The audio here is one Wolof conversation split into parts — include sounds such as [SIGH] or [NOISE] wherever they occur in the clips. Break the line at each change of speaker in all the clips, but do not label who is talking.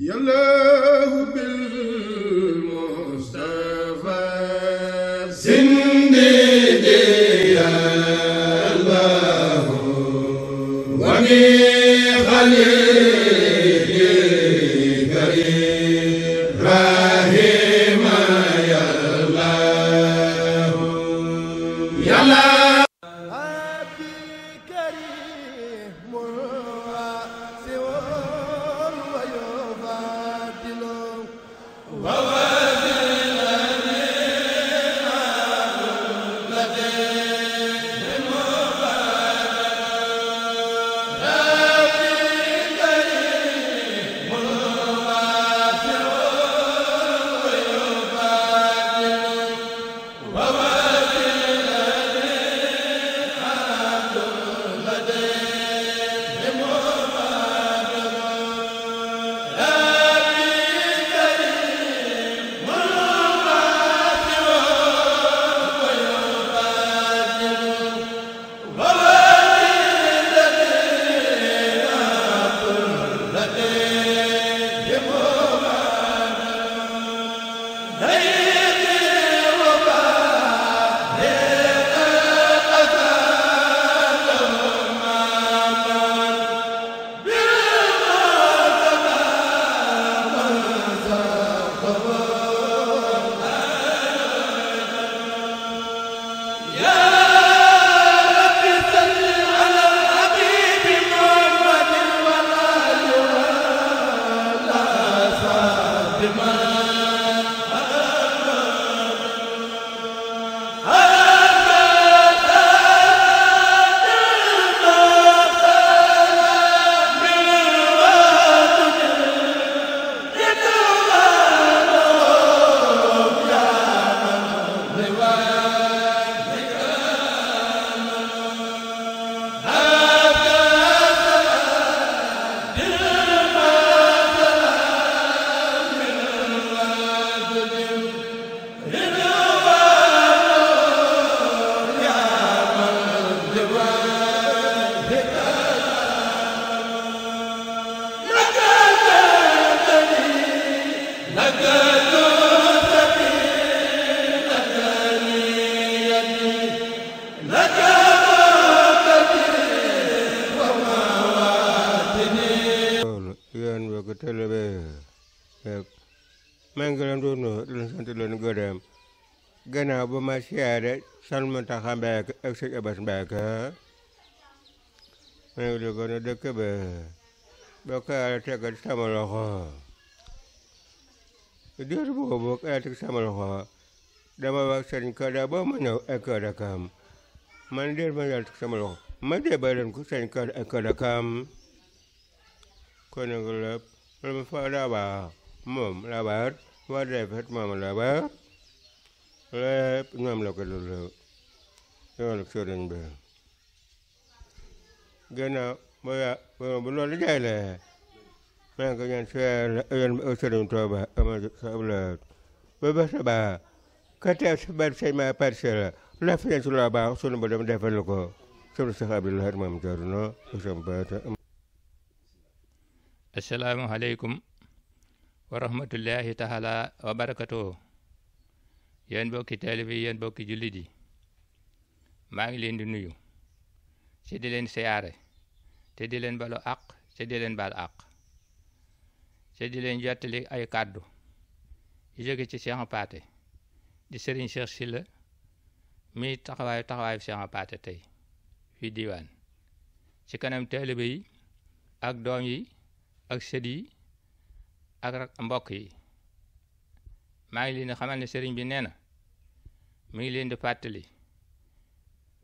يا الله بالله masyarakat salman tak hambek eksek abas baga. Mereka juga nak dekat ber. Baka ada tekat sama loko. Dia sebuah buk ada tekat sama loko. Dama vaksin kada ba mana eka rakam. Mandir mana tekat sama loko. Mandir badan kusin kada eka rakam. Kena gelap. Lama fada ba. Mum labat. Wadah fad mama labat. Lep ngam lo kelo lo. Yo lo kiring be. Gena moya bo bo lo le jale. Men ko yan fe yan o sirin to ba ama sabla. Be ba se ba. Kata se ba se ma par se la. La fe sur la ba sur le bodem de ko. Sur se ha bil har mam jarno o sam ba ta.
Assalamu alaikum wa ta'ala wa barakatuh. yéen mbokki taalibe yi yéen bokki jullit yi maa ngi leen di nuyu ci di leen siyaare te di leen balu àq te di leen bal àq te di leen jottali ay kàddu yu jóge ci Cheikh Pathé di Serigne Cheikh Sylla mi taxawaayu taxawaayu Cheikh Pathé tey fii diwaan ci kanam taalibe yi ak doom yi ak sët yi ak mbokk yi maa ngi leen di xamal ne sëriñ bi nee na mu ngi leen di fàttali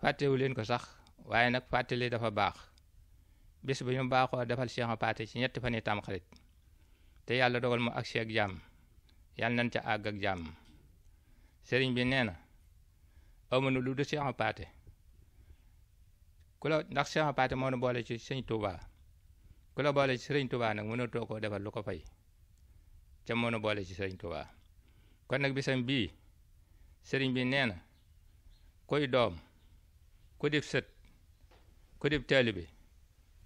fàttewu leen ko sax waaye nag fàttali dafa baax bis bi ñu baaxoo defal Cheikh paate ci ñetti fan yi Tamxarit te yàlla dogal mu agsi ak jàmm yàlla nañ ca àgg ak jàmm sëriñ bi nee na amunu lu du Cheikh Pathé ku la ndax Cheikh Pathé moo nu boole ci sëñ Touba ku sëriñ Touba nag mënatoo koo defal lu ko fay ca moo nu boole ci sëriñ Touba kon nag bisam bii sëriñ bi nee na kuy doom ku dib sët ku dib taalibe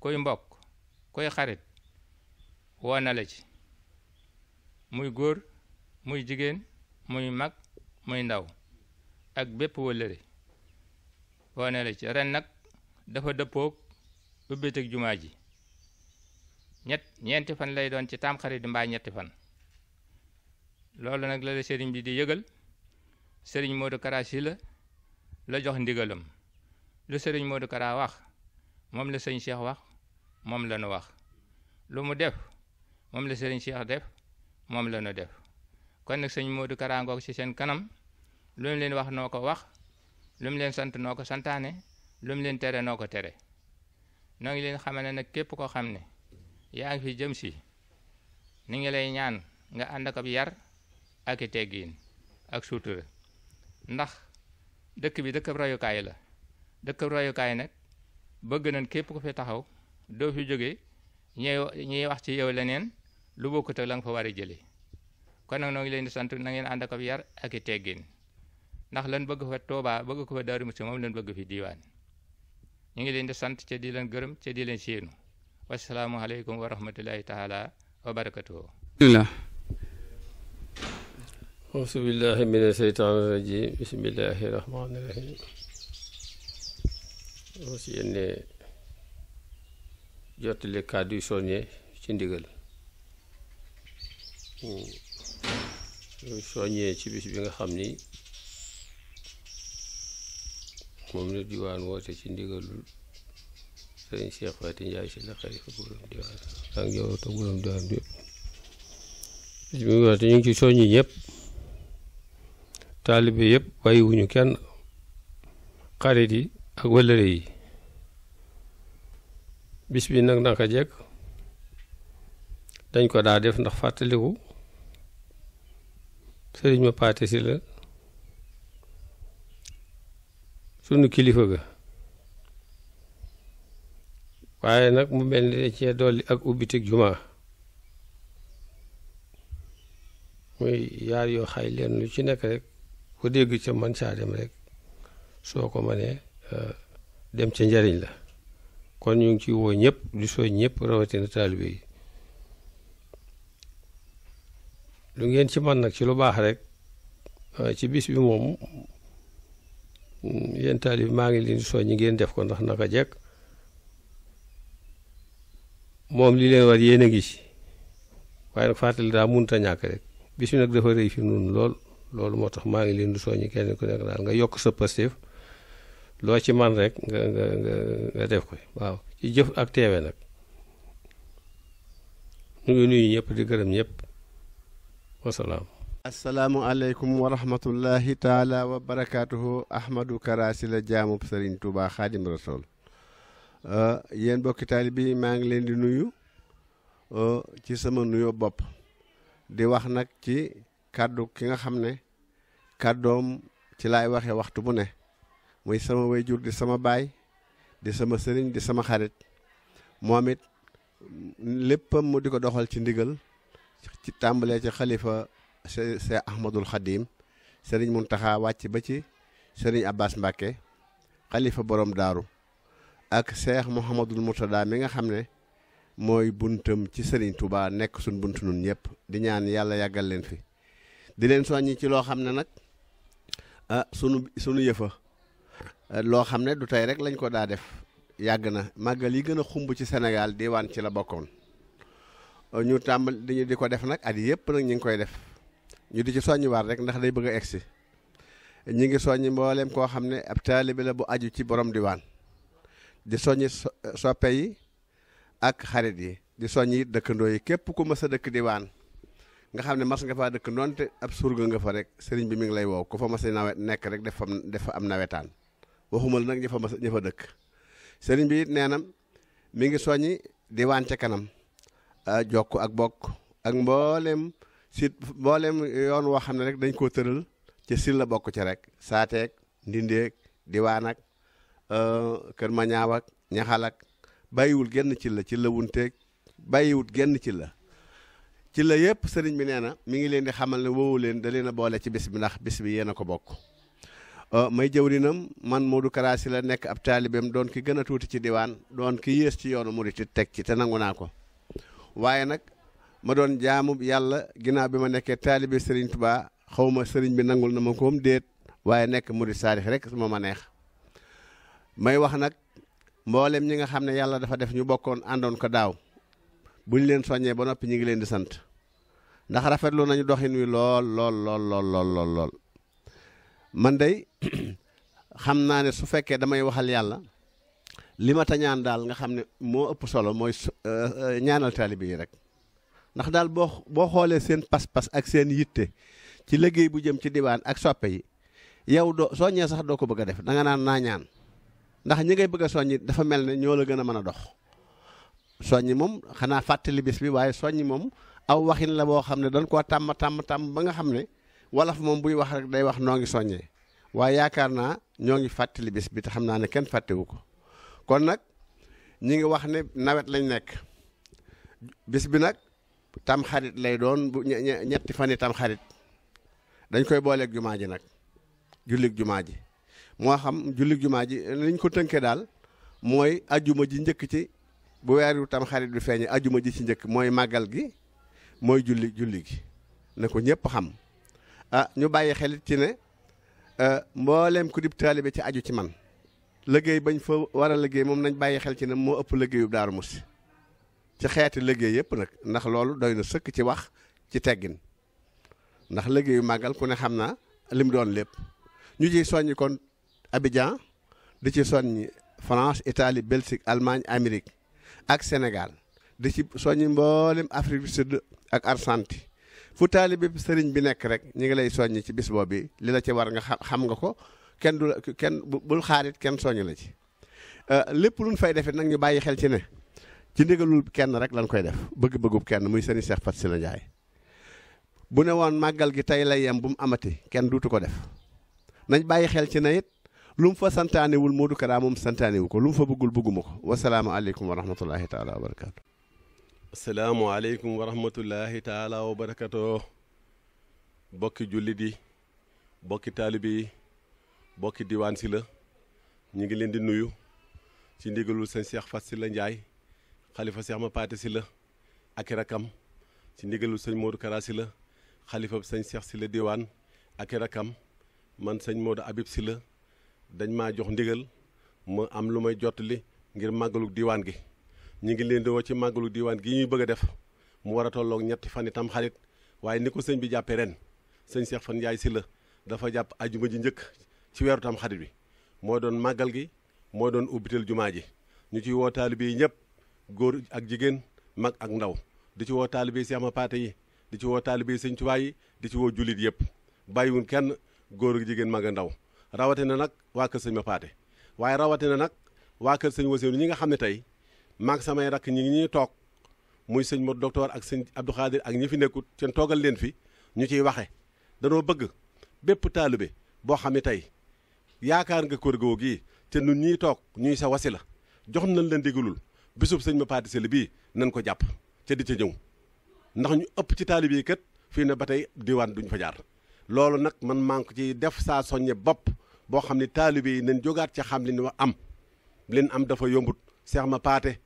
kuy mbokk kuy xarit woo ci muy góor muy jigéen muy mag muy ndaw ak bépp wëllëre woo na ci ren nag dafa dëppoog ubbiteg jumaa ji ñett ñeenti fan lay doon ci tam xarit mbaa ñetti fan loolu nag la la sëriñ bi di yëgal sëriñ Modou karaa Sylla la jox ndigalam lu sëriñ Modou karaa wax moom la sëñ Cheikh wax moom la nu wax lu mu def moom la sëriñ Cheikh def moom la nu def kon nag sëñ Modou Kara ngoog ci seen kanam lu mu leen wax noo ko wax lu mu leen sant noo ko santaane lu mu leen tere noo ko tere noo ngi leen xamane nag képp koo xam ne yaa ngi fi jëm si ni ngi lay ñaan nga ànd ak ab yar ak i teggiin ak suutura ndax dëkk bi dëkkab rayukaay la dëkkab rayukaay nag bëgg nañ képp ku fi taxaw doo fi jóge ñuy ñuy wax ci yow leneen lu bokkut ak la nga fa war a jële kon nag noo ngi leen di sant na ngeen ànd ak ab yar ak i teggiin ndax lan bëgg fa toobaa bëgg ko fa Daaru Muxti moom lan bëgg fi diiwaan ñu ngi leen di sant ca di leen gërëm ca di leen séenu wasalaamualeykum wa rahmatullahi taala wa barakatuhu
ausubillahi min asheytaan irajim kàddu yu soññe ci ndigal ñu hmm. ci bis bi nga xam ni moom la diwaan woote ci ndigalul sëriñ Cheikh Faty Ndiaye si la xalifa borom diwaan ak njabootu borom diwaan bi yëpp bis bi nga ñu ngi ci soññi ñëpp taalibe yëpp bàyyiwuñu kenn xarit yi ak wëllëre yi bis bi nag naka jekk dañ ko daa def ndax fàttaliku ma paate si sunu kilifa ga waaye nag mu mel ni dañ cee dolli ak ubbiteg jumaa muy yaar yoo xay leen lu ci nekk ko dégg ca man caa rek soo ko mënee euh, dem ca njariñ la kon ñu ngi ci woo ñëpp di sooy ñëpp rawatina taalibe yi lu ngeen ci man nag ci lu baax rek euh, ci bis bi moom mm, yéen taalib maa ngi leen di soññ ñi ngeen def ko ndax naka jekk moom li leen war yéen a ngi ci waaye nag fàttali daa munta ñàkk rek bis bi nag dafa rëy fi lool loolu moo tax maa ngi leen di soññi kenn ku nekk daal nga yokk sa positif loo ci man rek nga nga nga def ko waaw ci jëf ak teewe nag ñu ngi nuyu ñëpp di gërëm ñëpp wasalaam
asalaamualeykum wa rahmatullahi taala wa barakaatuhu ahmadu karaasi la jaamub sëriñ tuubaa xaadim rasool euh, yéen bokki taalibe bi maa ngi leen di nuyu euh, ci sama nuyoo bopp di wax nag ci kàddu ki nga xam ne kàddoom ci laay waxee waxtu bu ne muy sama wayjur di sama baay di sama sëriñ di sama xarit moom it léppam mu di ko doxal ci ndigal ci tàmbalee ci xalifa Seex Ahmadul Xadim sëriñ taxaa wàcc ba ci sëriñ Abbas Mbàkke xalifa borom daaru ak Seex Muhammadul Murtada mi nga xam ne mooy buntam ci sëriñ Touba nekk suñ bunt nun ñëpp di ñaan yàlla yàggal leen fi di leen soññi ci loo xam ne nag ah sunu sunu yëfa ah, loo xam ne du tey rek lañ ko daa def yàgg na màggal yi gën a xumb ci Sénégal diwaan ci la bokkoon ñu tàmbal dañu di ko def nag at yëpp nag ñu ngi koy def ñu di ci soññiwaat rek ndax day bëgg a egsi ñu ngi soññi mbooleem koo xam ne ab taalibe la bu aju ci borom diwaan di soññi soppe yi ak xarit yi di soññi dëkkandoo yi képp ku mës a dëkk diwaan nga xam ne mas nga faa dëkk noonte ab surga nga fa rek sëriñ bi mi ngi lay wow ku fa mas nawet nekk rek def fa def am nawetaan waxumal nag ña fa mas ña fa dëkk sëriñ bi it nee na mi ngi soññi diwaan ca kanam ah, jokk ak bokk ak mbooleem si mbooleem yoon woo xam ne rek dañ koo tëral ci sil la bokk ci rek saateeg ndindeeg diwaan ak ah, kër ma ñaxalak ak ñaxal ak bàyyiwul genn ci la ci la bàyyiwul genn ci la ci la yëpp sëriñ bi nee na mi ngi leen di xamal ne woowu leen da leen boole ci bis bi ndax bis bi yéen a ko bokk euh, may jëwrinam man Modou Kara Sylla la nekk ab taalibeem doon ki gën a tuuti ci diwaan doon ki yées ci yoonu murit teg ci te nangu naa ko waaye nag ma doon jaamu yàlla ginaaw bi ma nekkee taalibe sëriñ tubaa xaw ma sëriñ bi nangul na ma koom déet waaye nekk murit saadix rek su ma ma neex may wax nag mboolem ñi nga xam ne yàlla dafa def ñu bokkoon àndoon ko daaw bu leen soññee ba noppi ñu ngi leen di sant ndax rafetlu nañu doxin wi lool lool lool lool lool lool man day [CLEARS THROAT] xam naa ne su fekkee damay waxal yàlla li ma ta ñaan daal nga xam ne moo ëpp solo mooy euh, euh, ñaanal taalibe yi rek ndax daal boo boo xoolee seen pas-pas ak seen yitte ci liggéey bu jëm ci diwaan ak soppe yi yow doo soññee sax doo ko bëgg a def danga naan naa ñaan ndax ñi ngay bëgg a dafa mel ne ñoo la gën a mën a dox soññi moom xanaa fàttali bis bi waaye soññi moom aw waxin la boo xam ne dañ koo tàmm tàmm tàmm ba nga xam ne wolof moom buy wax rek day wax noo ngi soññee waaye yaakaar naa ñoo ngi fàttali bis bi te xam naa ne kenn fàttewu ko kon nag ñi ngi wax ne nawet lañ nekk bis bi nag tam xarit lay doon bu ñetti fan yi tam xarit dañ koy booleeg jumaa ji nag jullig jumaa ji moo xam jullig jumaa ji liñ ko tënkee daal mooy ajuma ji njëkk ci bu weeru tam xarit bi feeñee ajuma ji ci njëkk mooy màggal gi mooy julli julli gi ne ko ñëpp xam a ah, ñu bàyyi xel ci ne ah, mboolem ku dib taalibe ci aju ci man liggéey bañ fa war a liggéey moom nañ bàyyi xel ci ne moo ëpp liggéeyu Daaru Musti ci xeeti liggéey yëpp nag ndax loolu doy na sëkk ci wax ci teggin ndax liggéeyu màggal ku ne xam naa lim doon lépp ñu ci soññi kon Abidjan di ci soññi France Italie Belgique Allemagne Amérique ak Sénégal di ci soññ mboolem Afrique bi Sud ak Argentine fu taalibe bi sëriñ bi nekk rek ñu ngi lay soññ ci bis bi li la ci war nga xam nga ko kenn du kenn bul xaarit kenn soññ la ci euh, lépp lu luñ fay defee nag ñu bàyyi xel ci ne ci ndigalul kenn rek lañ koy def bëgg-bëggub kenn muy sëriñ Cheikh Faty Sylla Ndiaye bu ne woon màggal gi tey lay yem bu mu amati kenn duutu ko def nañ bàyyi xel ci ne lu mu fa santaanewul Modou Kara moom santaanewu ko lu mu fa bëggul bëgguma ko wasalaamaaleykum wa rahmatullahi taala wa barakaatu
asalaamualeykum wa rahmatullahi taala wa barakaatu bokki jullit yi bokki taalibe yi bokki diwaan si la ñu ngi leen di nuyu ci ndigalul sëñ Cheikh Fass Sylla Ndiaye xalifa Cheikh Mapaté Sylla ak i rakam ci ndigalul sëñ Modou Kara Sylla xalifa sëñ Cheikh Sylla diwaan ak i rakam man sëñ Modou Habib Sylla dañ maa jox ndigal ma am lu may jottali ngir màggalu diwaan gi ñu ngi leen di woo ci màggalu diwaan gi ñuy bëgg a def mu war a tollook ñetti fan yi tamxarit waaye ni ko sëñ bi jàppee ren sëñ Cheikh Fan si la dafa jàpp ajuma ji njëkk ci weeru tam xarit bi moo doon màggal gi moo doon ubbital jumaa ji ñu ci woo taalibe yi ñëpp góor ak jigéen mag ak ndaw di ci woo taalibe yi Seex Ma Paate yi di ci woo taalibe yi Sëñ Tuubaa yi di ci woo jullit yëpp bàyyiwun kenn góor ak jigéen mag ndaw rawatina nag waa kër sëñ ma paate waaye rawatina nag waa kër sëñ Wasiiru ñi nga xam ne tey maak samay rakk ñi ngi ñuy toog muy sëñ ma docteur ak sëñ Abdou ak ñi fi nekkut seen toogal leen fi ñu ciy waxe danoo bëgg bépp taalibe boo xam ne tey yaakaar nga kër googu gi te nun ñiy toog ñuy sa wasi la jox nañ la ndigalul bisub sëñ ma paate seli bii nañ ko jàpp ca di ca ñëw ndax ñu ëpp ci taalibe yi kat fii ne ba tey diwaan duñ fa jaar loolu nag man maa ciy def saa soññe bopp boo xam ne taalibe yi neen jógaat ca xam li ñu am leen am dafa yombut seex ma paate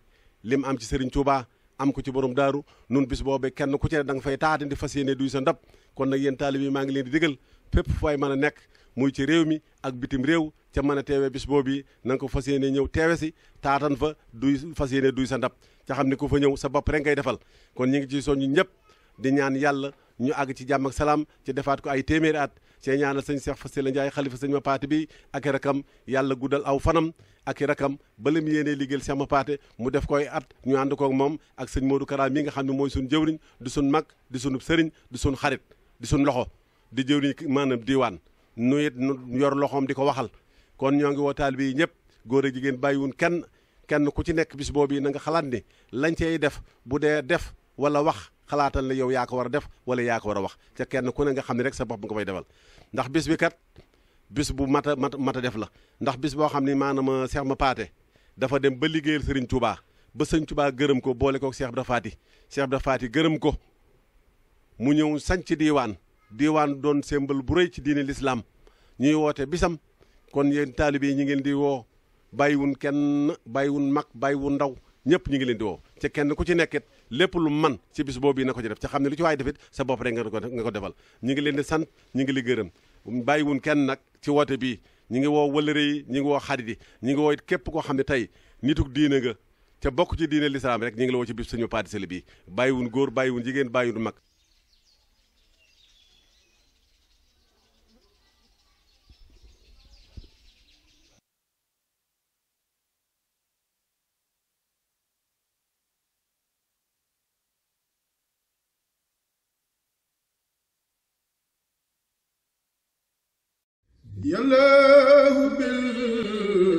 lim am ci Serigne Touba am ko ci borom daaru nun bis boobee kenn ku ci ne da nga fay taate di fas yéene duy sa ndab kon nag yéen taalibe yi maa ngi leen di digal fépp fooy mën a nekk muy ci réew mi ak bitim réew ca mën a teewee bis boobu na nga ko fas yéene ñëw teewe si taatan fa duy fas yéene duy sa ndab ca xam ne ku fa ñëw sa bopp rek ngay defal kon ñu ngi ci soññu ñëpp di yàlla ñu àgg ci jàmm salaam ci defaat ay téeméeri cee ñaanal sëñ Cheikh la Ndiaye xalifa sëñ Mapaate bi ak i rakam yàlla guddal aw fanam ak i rakam ba lim yéenee liggéeyal Cheikh Mapaate mu def koy at ñu ànd kook moom ak sëñ Modou Kara mi nga xam ne mooy suñ jëwriñ di suñ mag di suñu sëriñ di suñ xarit di suñ loxo di jëwriñ maanaam diwaan nu it nu yor loxoom di ko waxal kon ñoo ngi woo taalibe yi ñëpp góor ak jigéen bàyyiwun kenn kenn ku ci nekk bis boobu na nga xalaat ni lañ cey def bu dee def wala wax xalaatal na yow yaa ko war a def wala yaa ko war a wax ca kenn ku ne nga xam ne rek sa bopp nga koy defal ndax bis bi kat bis bu mat a mat a def la ndax bis boo xam ni maanaam euh, Cheikh ma paate dafa dem ba liggéeyal Serigne Touba ba sëñ Touba gërëm ko boole koog Cheikh Ibra Faty Cheikh Ibra Faty gërëm ko mu ñëw sanc diiwaan diiwaan doon sembal bu rëy ci diine lislaam ñuy woote bisam kon yéen taalibe yi ñu ngeen di woo bàyyiwun kenn bàyyiwun mag bàyyiwun ndaw ñëpp ñu ngi leen di woo ca kenn ku ci nekkit lépp lu man ci bis boobu na ko ci def ca xam ne lu ci waaye defit sa bopp rek nga ko ko defal ñu ngi leen di sant ñu ngi li gërëm bàyyi wun kenn nag ci woote bi ñu ngi woo wëlëre yi ñu ngi woo xarit yi ñu ngi woo it képp koo xam ne tey nituk diine nga te bokk ci diine lislaam rek ñu ngi la woo ci bis suñu paadisali bii bàyyi wun góor bàyyi jigéen bàyyi wun mag
يا الله بال